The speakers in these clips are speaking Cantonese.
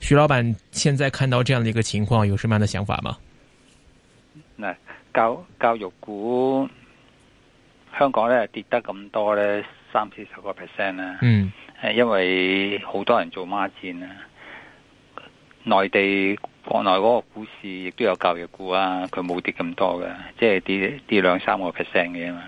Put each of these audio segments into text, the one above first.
徐老闆，現在看到這樣的一個情況，有什麼樣的想法嗎？嗱，教教育股，香港咧跌得咁多咧，三四十個 percent 啦。啊、嗯，係因為好多人做孖展啦，內地國內嗰個股市亦都有教育股啊，佢冇跌咁多嘅，即係跌跌兩三個 percent 嘅嘛。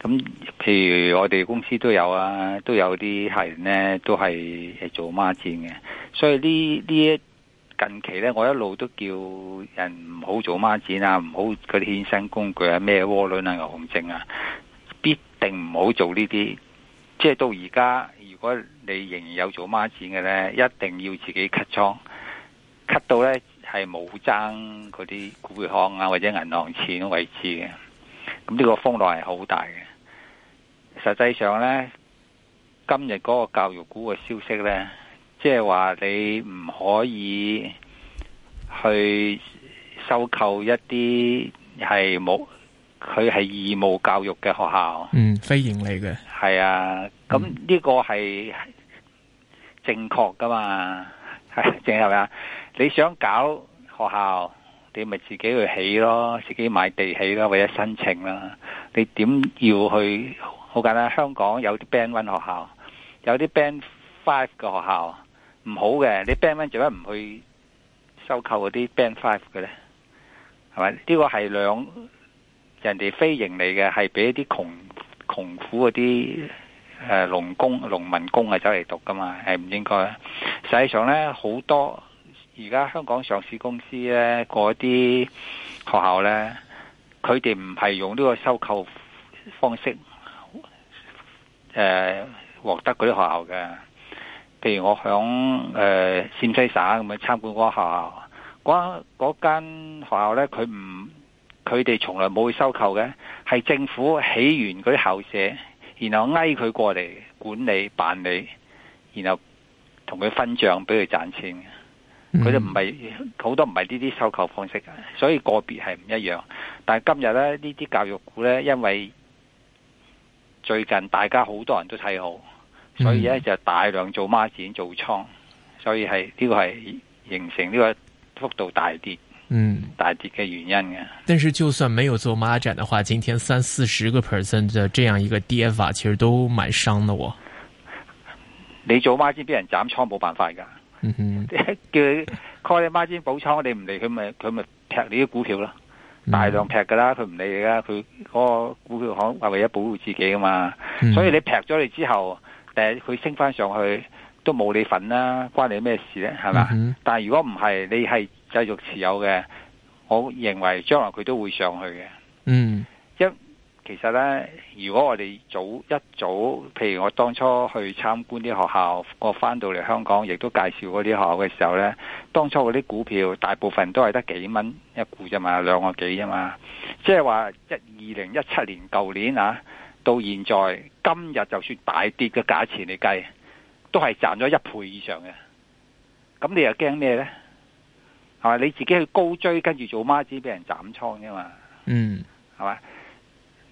咁譬如我哋公司都有啊，都有啲客人咧，都係做孖展嘅，所以呢呢一近期咧，我一路都叫人唔好做孖展啊，唔好嗰啲衍生工具啊，咩渦輪啊、牛熊證啊，必定唔好做呢啲。即係到而家，如果你仍然有做孖展嘅咧，一定要自己 cut 倉，cut 到咧係冇爭嗰啲股票行啊或者銀行錢為止嘅。咁呢個風浪係好大嘅。實際上呢，今日嗰個教育股嘅消息呢，即係話你唔可以去收購一啲係冇佢係義務教育嘅學校。嗯，非盈利嘅，係啊。咁呢個係正確噶嘛？係、嗯、正係咪啊？你想搞學校，你咪自己去起咯，自己買地起咯，或者申請啦。你點要去？冇噶啦，香港有啲 Band One 學校，有啲 Band Five 嘅學校唔好嘅，你 Band One 做乜唔去收購嗰啲 Band Five 嘅咧？係咪？呢個係兩人哋非盈利嘅，係俾一啲窮窮苦嗰啲誒農工、農民工啊走嚟讀噶嘛？係唔應該啊？實際上咧，好多而家香港上市公司咧，嗰啲學校咧，佢哋唔係用呢個收購方式。誒，獲、呃、得嗰啲學校嘅，譬如我響誒陝西省咁樣參觀嗰間學校，嗰嗰間學校呢，佢唔，佢哋從來冇去收購嘅，係政府起完嗰啲校舍，然後嗌佢過嚟管理辦理，然後同佢分賬俾佢賺錢，佢哋唔係好多唔係呢啲收購方式嘅，所以個別係唔一樣。但係今日咧呢啲教育股呢，因為。最近大家好多人都睇好，所以咧就大量做孖展做倉，所以係呢個係形成呢個幅度大跌，嗯，大跌嘅原因嘅。但是就算沒有做孖展的話，今天三四十個 percent 嘅這樣一個跌法，其實都蠻傷啦。我你做孖展俾人斬倉冇辦法噶，嗯哼， 叫你 call 你孖展補倉，你唔嚟佢咪佢咪劈你啲股票啦。Mm hmm. 大量劈噶啦，佢唔理你啦，佢嗰個股票行係為咗保護自己㗎嘛，mm hmm. 所以你劈咗你之後，但佢升翻上去都冇你份啦，關你咩事咧？係嘛？Mm hmm. 但係如果唔係，你係繼續持有嘅，我認為將來佢都會上去嘅。嗯、mm。Hmm. 其實呢，如果我哋早一早，譬如我當初去參觀啲學校，我翻到嚟香港，亦都介紹嗰啲學校嘅時候呢，當初嗰啲股票大部分都係得幾蚊一股啫嘛，兩個幾啫嘛，即係話一二零一七年舊年啊，到現在今日就算大跌嘅價錢你計，都係賺咗一倍以上嘅。咁你又驚咩呢？係嘛，你自己去高追，跟住做孖子，俾人斬倉啫嘛。嗯，係嘛。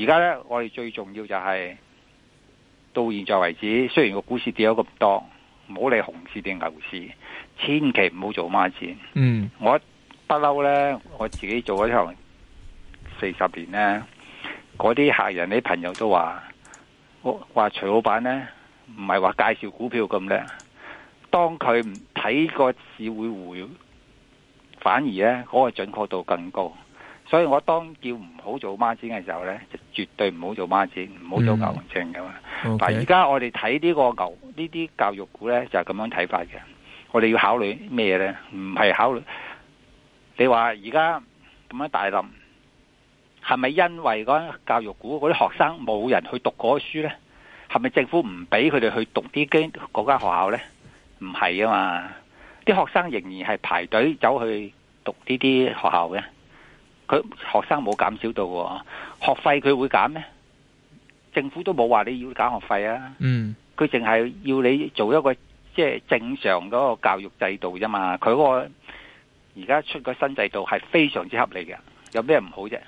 而家咧，我哋最重要就係到現在為止，雖然個股市跌咗咁多，唔好理熊市定牛市，千祈唔好做孖展。嗯，我不嬲咧，我自己做咗行四十年咧，嗰啲客人啲朋友都話，話徐老闆咧唔係話介紹股票咁叻，當佢唔睇個市會唔會，反而咧嗰個準確度更高。所以我當叫唔好做孖展嘅時候呢，就絕對唔好做孖展，唔好做牛證㗎嘛。嗯 okay. 但而家我哋睇呢個牛呢啲教育股呢，就係咁樣睇法嘅。我哋要考慮咩呢？唔係考慮你話而家咁樣大冧，係咪因為嗰啲教育股嗰啲學生冇人去讀嗰個書呢？係咪政府唔俾佢哋去讀啲嗰間學校呢？唔係啊嘛，啲學生仍然係排隊走去讀呢啲學校嘅。佢學生冇減少到喎，學費佢會減咩？政府都冇話你要減學費啊，嗯，佢淨係要你做一個即係正常嗰個教育制度啫嘛。佢嗰個而家出個新制度係非常之合理嘅，有咩唔好啫？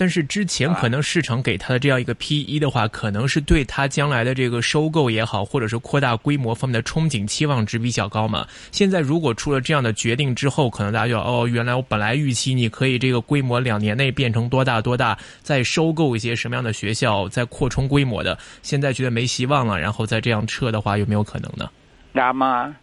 但是之前可能市場給他的這樣一個 P E 的話，可能是對他將來的這個收購也好，或者是擴大規模方面的憧憬期望值比較高嘛。現在如果出了這樣的決定之後，可能大家就哦，原來我本來預期你可以這個規模兩年內變成多大多大，再收購一些什麼樣的學校，再擴充規模的，現在覺得沒希望了，然後再這樣撤的話，有沒有可能呢？啱啊，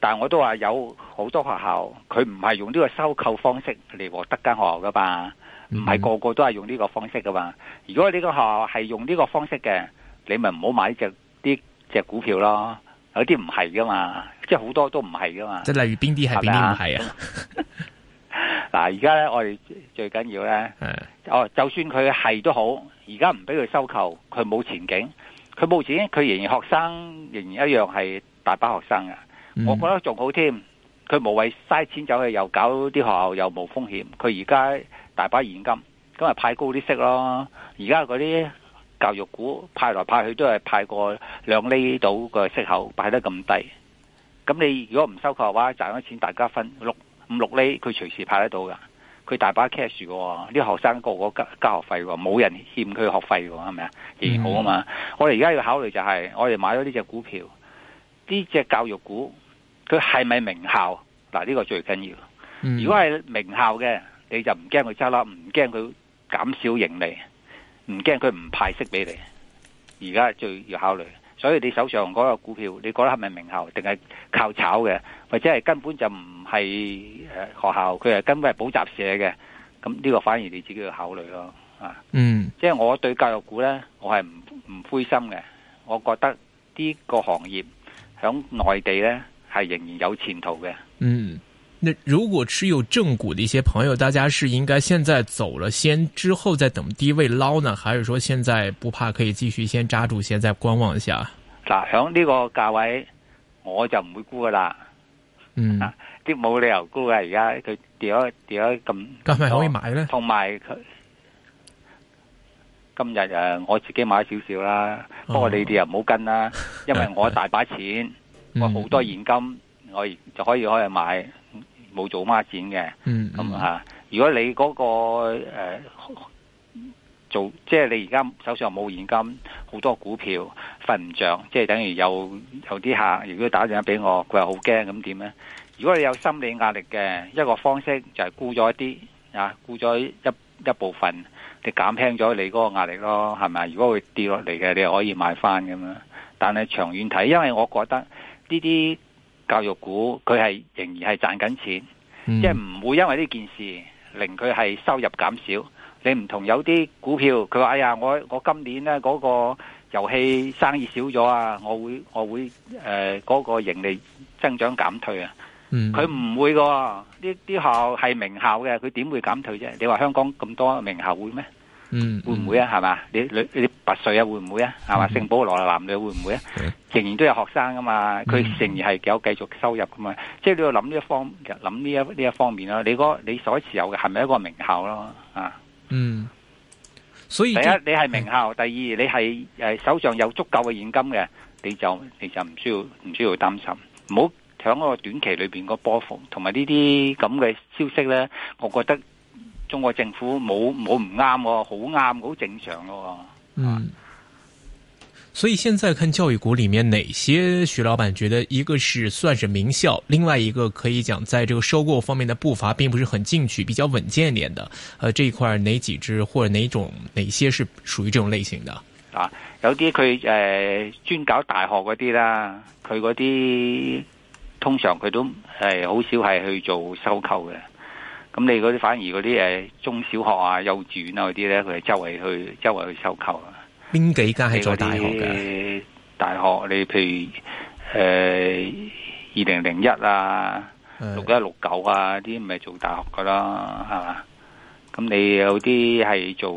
但我都話有好多學校，佢唔係用呢個收購方式嚟獲得間學校嘅吧。唔係個個都係用呢個方式噶嘛？如果呢個學校係用呢個方式嘅，你咪唔好買隻啲隻股票咯。有啲唔係噶嘛，即係好多都唔係噶嘛。即係例如邊啲係，邊啲唔係啊？嗱吧，而家咧，我哋最緊要咧，哦，就算佢係都好，而家唔俾佢收購，佢冇前景，佢冇錢，佢仍然學生仍然一樣係大把學生嘅。嗯、我覺得仲好添，佢無謂嘥錢走去又搞啲學校又冇風險，佢而家。大把現金，咁啊派高啲息咯！而家嗰啲教育股派來派去都係派過兩厘到個息口，擺得咁低。咁你如果唔收購嘅話，賺咗錢大家分六五六厘，佢隨時派得到噶。佢大把 cash 㗎喎，啲學生個個交交學費喎、哦，冇人欠佢學費喎、哦，係咪啊？贏好啊嘛！嗯、我哋而家要考慮就係、是，我哋買咗呢隻股票，呢隻教育股佢係咪名校？嗱，呢、這個最緊要。嗯、如果係名校嘅。你就唔驚佢揸笠，唔驚佢減少盈利，唔驚佢唔派息俾你。而家最要考慮，所以你手上嗰個股票，你覺得係咪名校，定係靠炒嘅，或者係根本就唔係誒學校，佢係根本係補習社嘅？咁呢個反而你自己要考慮咯，啊，嗯，即係我對教育股呢，我係唔唔灰心嘅。我覺得呢個行業喺內地呢，係仍然有前途嘅，嗯。那如果持有正股的一些朋友，大家是應該現在走了先，之後再等低位撈呢，還是說現在不怕可以繼續先揸住，先再觀望一下？嗱，喺呢個價位，我就唔會沽噶啦。嗯，啲冇、啊、理由沽噶，而家佢跌咗跌咗咁，咁咪有可以買呢？同埋今日誒，我自己買少少啦，哦、不過你哋又唔好跟啦，因為我大把錢，哎、我好多現金，嗯、我就可以可以買。冇做孖展嘅，咁、嗯嗯、啊！如果你嗰、嗰個、呃、做，即係你而家手上冇現金，好多股票瞓唔著，即係等於有有啲客如果打電話俾我，佢話好驚，咁點咧？如果你有心理壓力嘅，一個方式就係沽咗一啲啊，沽咗一一部分，你減輕咗你嗰個壓力咯，係咪？如果會跌落嚟嘅，你可以買翻咁樣。但係長遠睇，因為我覺得呢啲。教育股佢係仍然係賺緊錢，即係唔會因為呢件事令佢係收入減少。你唔同有啲股票，佢話哎呀，我我今年咧嗰個遊戲生意少咗啊，我會我會誒嗰個盈利增長減退啊。佢唔會噶，呢啲學校係名校嘅，佢點會減退啫？你話香港咁多名校會咩？嗯，會唔會啊？係嘛？你你你拔萃啊？會唔會啊？係嘛？聖保羅男女會唔會啊？仍然都有學生噶嘛？佢仍然係有繼續收入噶嘛？即係你要諗呢一方諗呢一呢一方面啦。你嗰你所持有嘅係咪一個名校咯？啊，嗯，所以第一你係名校，第二你係誒手上有足夠嘅現金嘅，你就你就唔需要唔需要擔心，唔好響嗰個短期裏邊個波幅，同埋呢啲咁嘅消息咧，我覺得。中國政府冇冇唔啱，好啱，好正常喎。嗯，所以現在看教育股裏面，哪些徐老闆覺得一個是算是名校，另外一個可以講，在這個收購方面的步伐並不是很進取，比較穩健一點的。呃，這一塊哪幾隻或者哪種哪些是屬於這種類型的？啊，有啲佢誒專搞大學嗰啲啦，佢嗰啲通常佢都係好、呃、少係去做收購嘅。咁你嗰啲反而嗰啲誒中小學啊、幼稚園啊嗰啲咧，佢係周圍去周圍去收購啊？邊幾間係做大學嘅？大學你譬如誒二零零一啊、六一六九啊啲，唔係做大學噶啦，係嘛？咁你有啲係做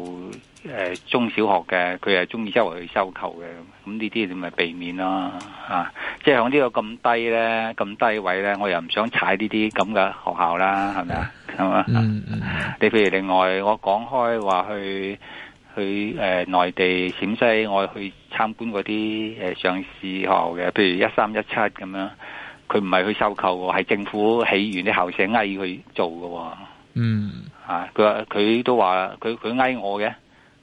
誒中小學嘅，佢係中意周圍去收購嘅。咁呢啲你咪避免咯，吓！即係響呢個咁低咧、咁低位咧，我又唔想踩呢啲咁嘅學校啦，係咪啊？係嘛、嗯？嗯嗯，你譬如另外我講開話去去誒、呃、內地陝西，我去參觀嗰啲誒上市學校嘅，譬如一三一七咁樣，佢唔係去收購嘅，係政府起完啲校舍嗌佢做嘅。嗯，啊，佢佢都話佢佢嗌我嘅，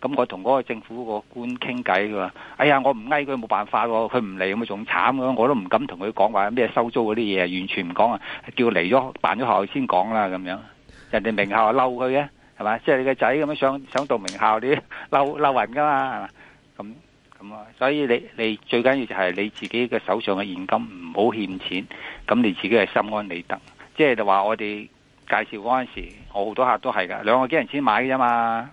咁我同嗰個政府個官傾偈噶，哎呀，我唔嗌佢冇辦法喎，佢唔嚟咁咪仲慘咁，我都唔敢同佢講話咩收租嗰啲嘢，完全唔講啊，叫嚟咗辦咗學校先講啦咁樣。人哋名校啊，嬲佢嘅係嘛，即係你個仔咁樣想想讀名校，你嬲嬲人噶嘛，係嘛？咁咁啊，所以你你最緊要就係你自己嘅手上嘅現金唔好欠錢，咁你自己係心安理得。即係就話、是、我哋介紹嗰陣時，我好多客人都係嘅，兩個幾銀錢買嘅嘛。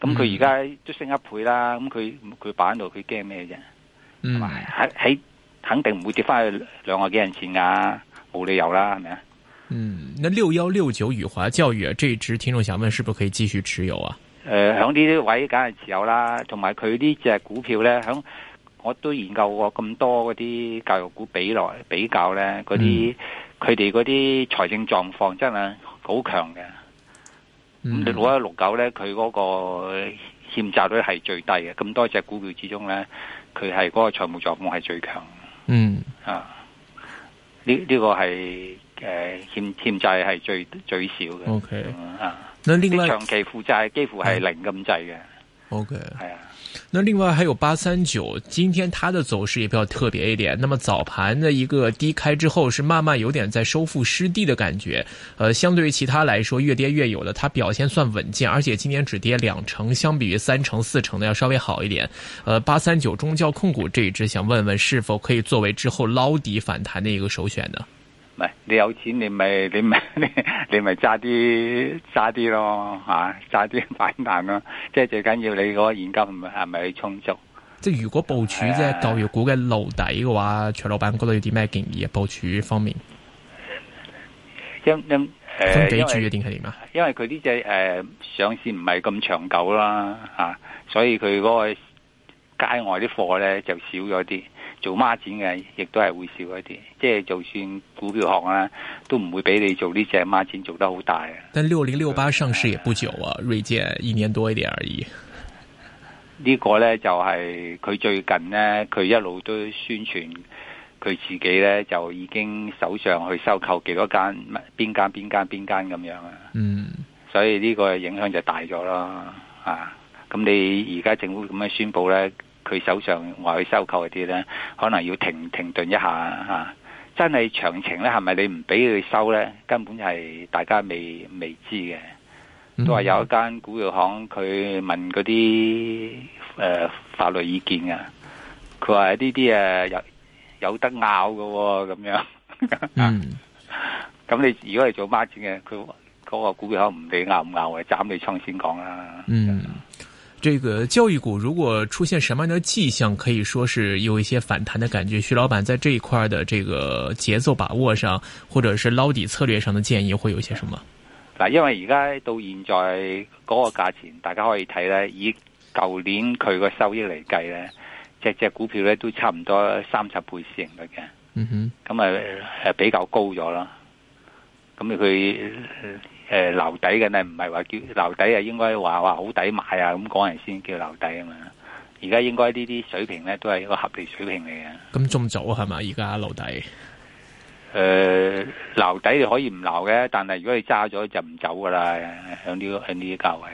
咁佢而家都升一倍啦，咁佢佢擺喺度，佢驚咩啫？喺喺、嗯、肯定唔會跌翻去兩個幾銀錢噶，冇理由啦，係咪啊？嗯，那六幺六九宇華教育啊，這一支聽眾想問，是不是可以繼續持有啊？誒、呃，喺呢啲位梗係持有啦，同埋佢呢隻股票呢，喺我都研究過咁多嗰啲教育股比來比較呢，啲佢哋嗰啲財政狀況真係好強嘅。你六一六九呢，佢嗰個欠債率係最低嘅，咁多隻股票之中呢，佢係嗰個財務狀況係最強的。嗯啊，呢呢、呢個係。欠欠債係最最少嘅。OK 啊，呢啲長期負債幾乎係零咁滯嘅。OK 係啊，那另外還有八三九，今天它的走勢也比較特別一點。那麼早盤的一個低開之後，是慢慢有點在收復失地的感覺。呃，相對於其他來說，越跌越有嘅，它表現算穩健，而且今年只跌兩成，相比於三成四成的要稍微好一點。呃，八三九中教控股這一隻，想問問是否可以作為之後撈底反彈的一個首選呢？唔係你有錢你咪你咪你咪揸啲揸啲咯，嚇，揸啲反彈咯。即係最緊要你嗰個現金係咪充足？即如果部署即係教育股嘅路底嘅話，uh, 徐老闆嗰度有啲咩建議啊？部署方面，因因誒，因為點係點啊？因為佢呢隻上市唔係咁長久啦嚇，所以佢嗰個街外啲貨咧就少咗啲。做孖展嘅亦都係會少一啲，即係就算股票行啊，都唔會俾你做呢隻孖展做得好大啊！但六零六八上市也不久啊，的睿見一年多一點而已。呢個呢就係、是、佢最近呢，佢一路都宣傳佢自己呢就已經手上去收購幾多間乜邊間邊間邊間咁樣啊。嗯，所以呢個影響就大咗咯啊！咁你而家政府咁樣宣布呢？佢手上話去收購嗰啲咧，可能要停停頓一下嚇。真係詳情咧，係咪你唔俾佢收咧？根本係大家未未知嘅。都話有一間股票行，佢問嗰啲誒法律意見啊。佢話呢啲誒有有得拗嘅喎，咁樣。嗯。咁你如果係做孖展嘅，佢嗰個股票行唔理拗唔拗，係斬你倉先講啦。嗯。這個教育股如果出現什麼樣的跡象，可以說是有一些反彈的感覺。徐老闆在這一塊的這個節奏把握上，或者是撈底策略上的建議，會有些什麼？嗱，因為而家到現在嗰個價錢，大家可以睇咧，以舊年佢個收益嚟計咧，隻隻股票咧都差唔多三十倍市盈率嘅。嗯哼，咁咪係比較高咗啦。咁佢。誒、呃，留底嘅呢，唔係話叫留底啊，應該話話好抵買啊，咁講人先叫留底啊嘛。而家應該呢啲水平呢都係一個合理水平嚟嘅。咁仲早係嘛？而家留底誒，留底就可以唔留嘅，但係如果你揸咗就唔走噶啦。喺呢喺呢啲價位。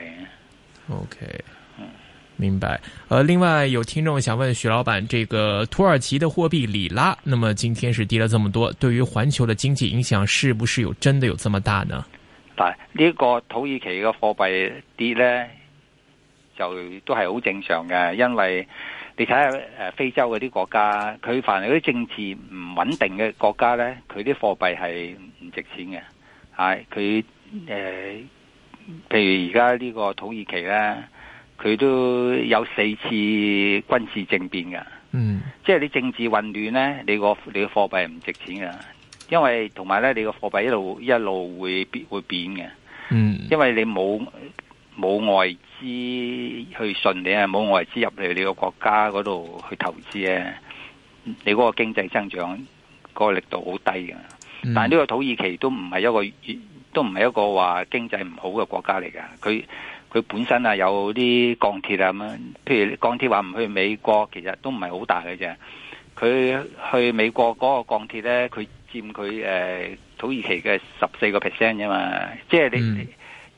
O K，嗯，明白。呃，另外有聽眾想問徐老闆，這個土耳其的貨幣里拉，那麼今天是跌了這麼多，對於環球的經濟影響，是不是有真的有這麼大呢？但係呢個土耳其嘅貨幣跌呢，就都係好正常嘅，因為你睇下誒非洲嗰啲國家，佢凡係嗰啲政治唔穩定嘅國家呢，佢啲貨幣係唔值錢嘅。係佢誒，譬如而家呢個土耳其呢，佢都有四次軍事政變㗎。嗯，即係你政治混亂呢，你個你嘅貨幣唔值錢㗎。因為同埋咧，你個貨幣一路一路會變會貶嘅。嗯，因為你冇冇外資去信你啊，冇外資入嚟你個國家嗰度去投資咧，你嗰個經濟增長嗰個力度好低嘅。嗯、但係呢個土耳其都唔係一個都唔係一個話經濟唔好嘅國家嚟嘅。佢佢本身啊有啲鋼鐵啊咁樣，譬如鋼鐵話唔去美國，其實都唔係好大嘅啫。佢去美國嗰個鋼鐵咧，佢。佔佢誒土耳其嘅十四個 percent 吖嘛，即係你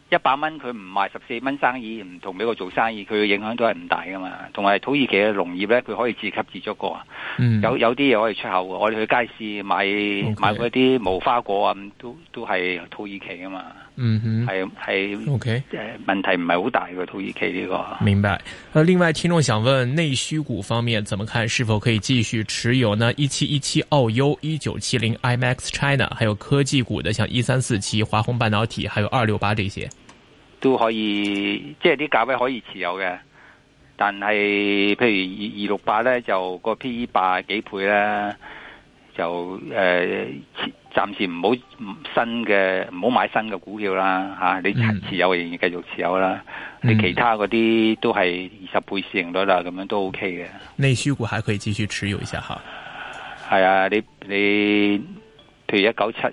一百蚊佢唔賣十四蚊生意，唔同俾佢做生意，佢嘅影響都係唔大噶嘛。同埋土耳其嘅農業咧，佢可以自給自足過，嗯、有有啲嘢可以出口，我哋去街市買 Okay. 買嗰啲無花果啊，都都係土耳其噶嘛。嗯哼，係係、mm hmm. OK，誒問題唔係好大嘅，土耳其呢個。明白。另外聽眾想問內需股方面，怎麼看？是否可以繼續持有呢？一七一七、澳優、一九七零、IMAX China，還有科技股的，像一三四七、華虹半導體，還有二六八這些，都可以，即係啲價位可以持有嘅。但係，譬如二二六八呢，就個 P E 八幾倍啦。就誒，暫、呃、時唔好新嘅，唔好買新嘅股票啦吓、啊，你持有仍然繼續持有啦。嗯、你其他嗰啲都係二十倍市盈率啦，咁樣都 OK 嘅。內需股還可以繼續持有一下哈。係、嗯、啊，你你譬如一九七二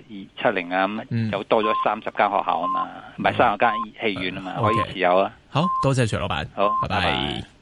七零啊咁，有、嗯、多咗三十間學校啊嘛，唔係三十間戲院啊嘛，嗯 okay、可以持有啊。好多謝徐老闆，好，拜拜。拜拜